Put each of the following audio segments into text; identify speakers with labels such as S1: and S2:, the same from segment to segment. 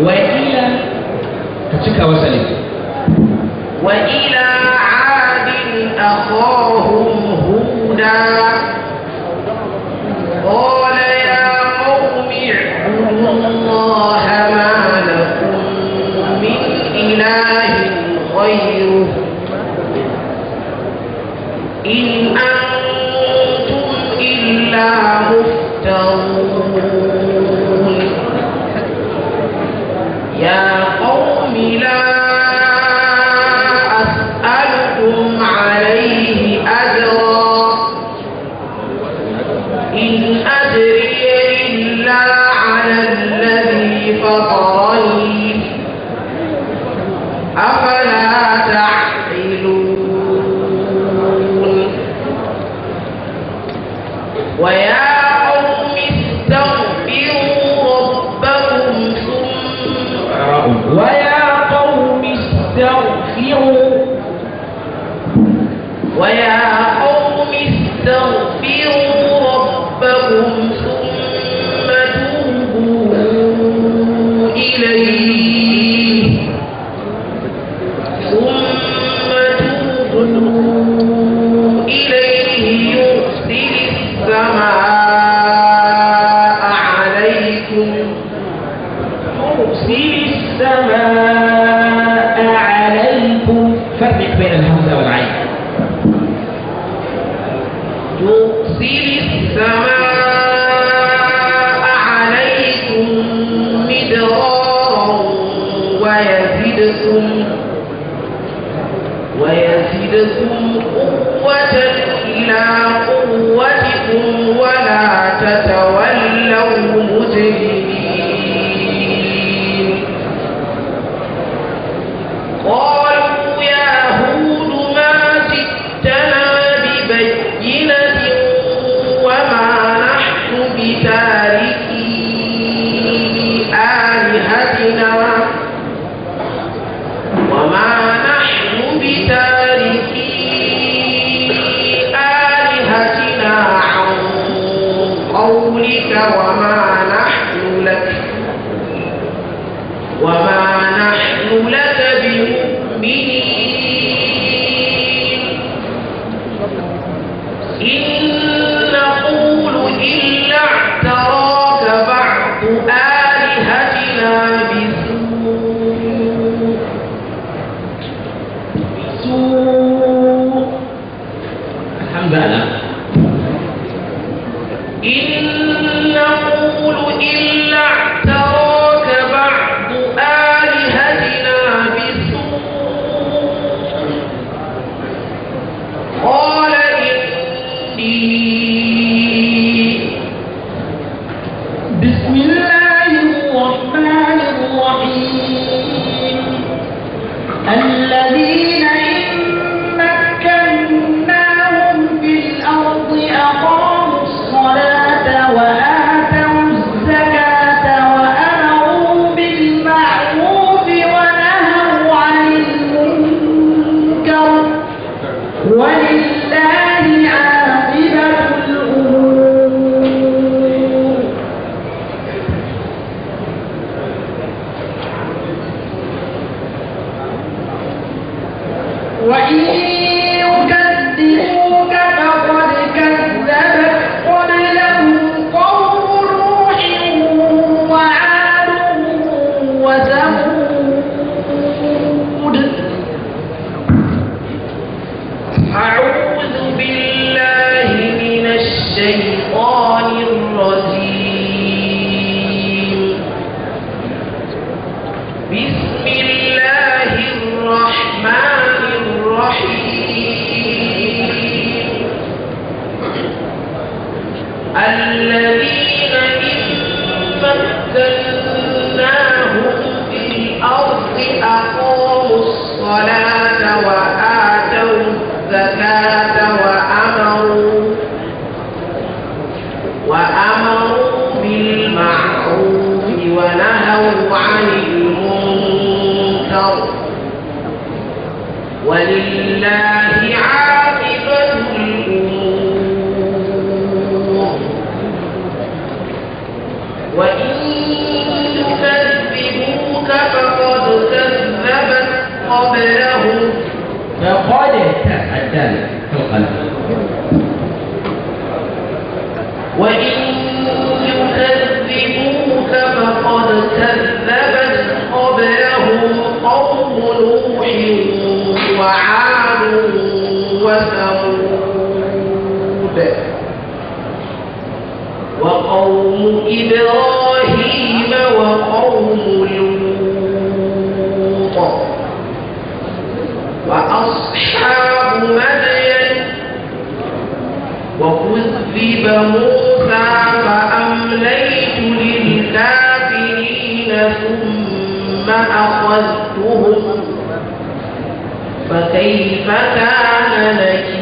S1: وإلى
S2: كتشكا وسلم
S1: وإلى عاد أخاهم هودا
S2: قال يا قوم اعبدوا الله ما
S1: لكم من إله غيره إن أنتم إلا مفترون Yeah. بارئي آلهتنا الرحيم الصلاة
S2: ذلك في القلب
S1: وإن يكذبوك فقد كذبت قبلهم قوم نوح وعاد وثمود وقوم إبراهيم وقوم لوط وأصحاب مدين وكذب موسى فأمليت للكافرين ثم أخذتهم فكيف كان نكير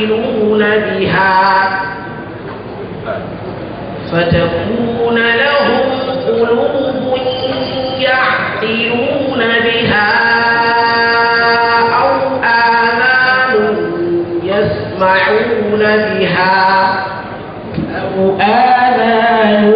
S1: يعملون بها فتكون لهم قلوب يعقلون بها أو آمان يسمعون بها أو آمان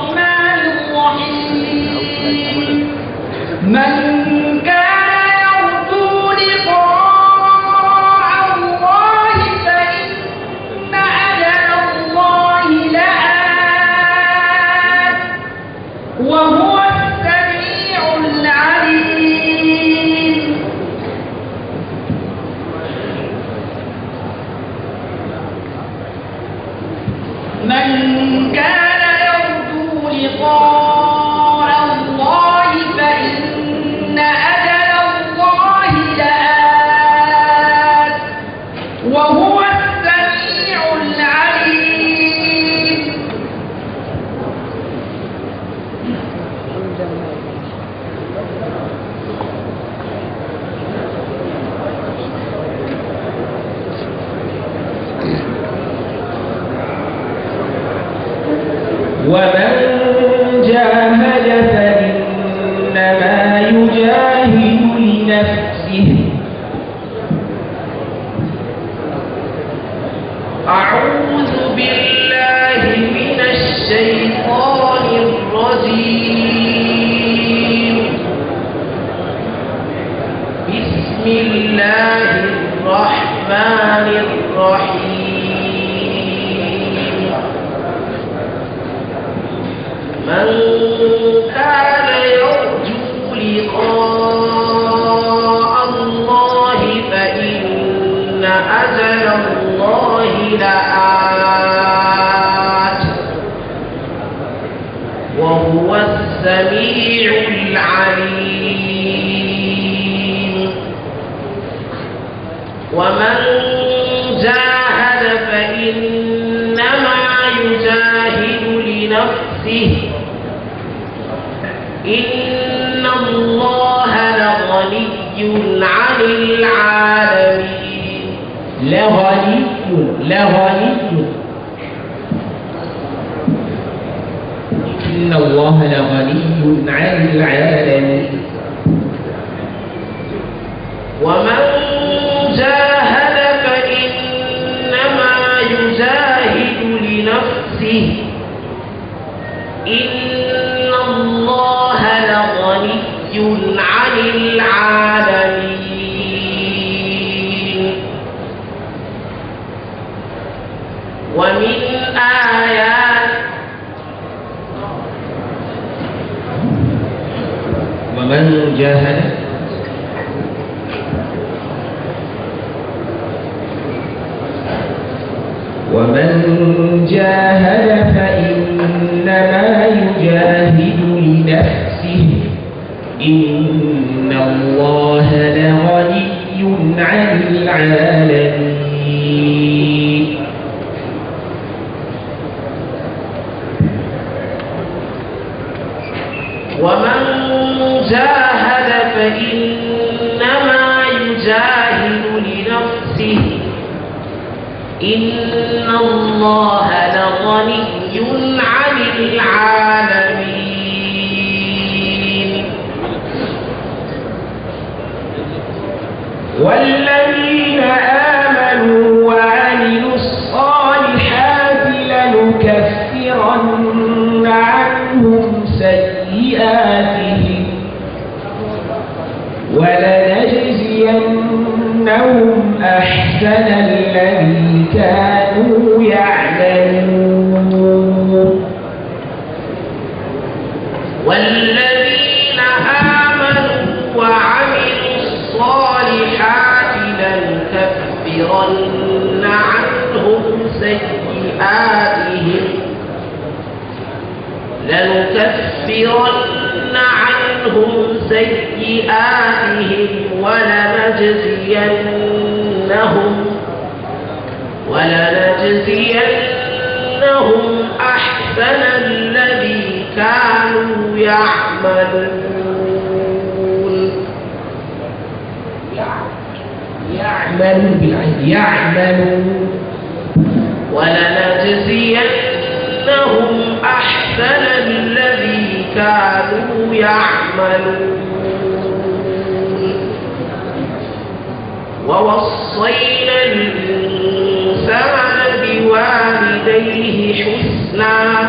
S2: الرحمن الرحيم من كان يرجو لقاء الله فإن لآت وهو السميع العليم من كان الرقاب
S1: Thank you. فإنما يجاهد لنفسه إن
S2: الله
S1: لغني عن العالمين لغني لغني إن الله لغني عن العالمين ومن به إن الله لغني عن العالمين ومن آيات ومن جاهد
S2: ومن جاهد فإنما
S1: يجاهد لنفسه إن الله لغني عن العالمين إن الله لغني عن العالمين والذين آمنوا وعملوا الصالحات لنكفرن عنهم سيئاتهم ولنجزين إنهم أحسن الذي كانوا يعلمون والذين آمنوا وعملوا الصالحات لنكفرن عنهم سيئاتهم لنكفرن عنهم سيئاتهم ولنجزينهم ولنجزينهم أحسن الذي كانوا يعملون يعمل بالعين يعملون ولنجزينهم أحسن الذي كانوا يعملون ووصينا الإنسان بوالديه حسنا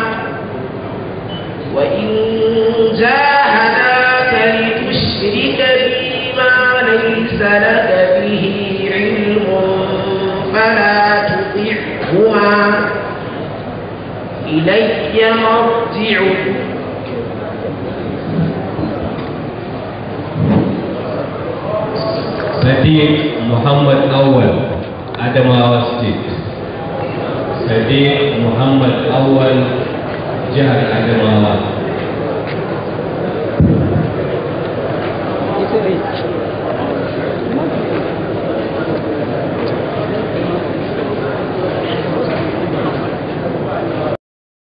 S1: وإن جاهداك لتشرك بما ليس لك به علم فلا تطعهما إلي مرجعكم
S2: Sadiq Muhammad Awal Adamawa State Sadiq Muhammad Awal Jihar Adamawa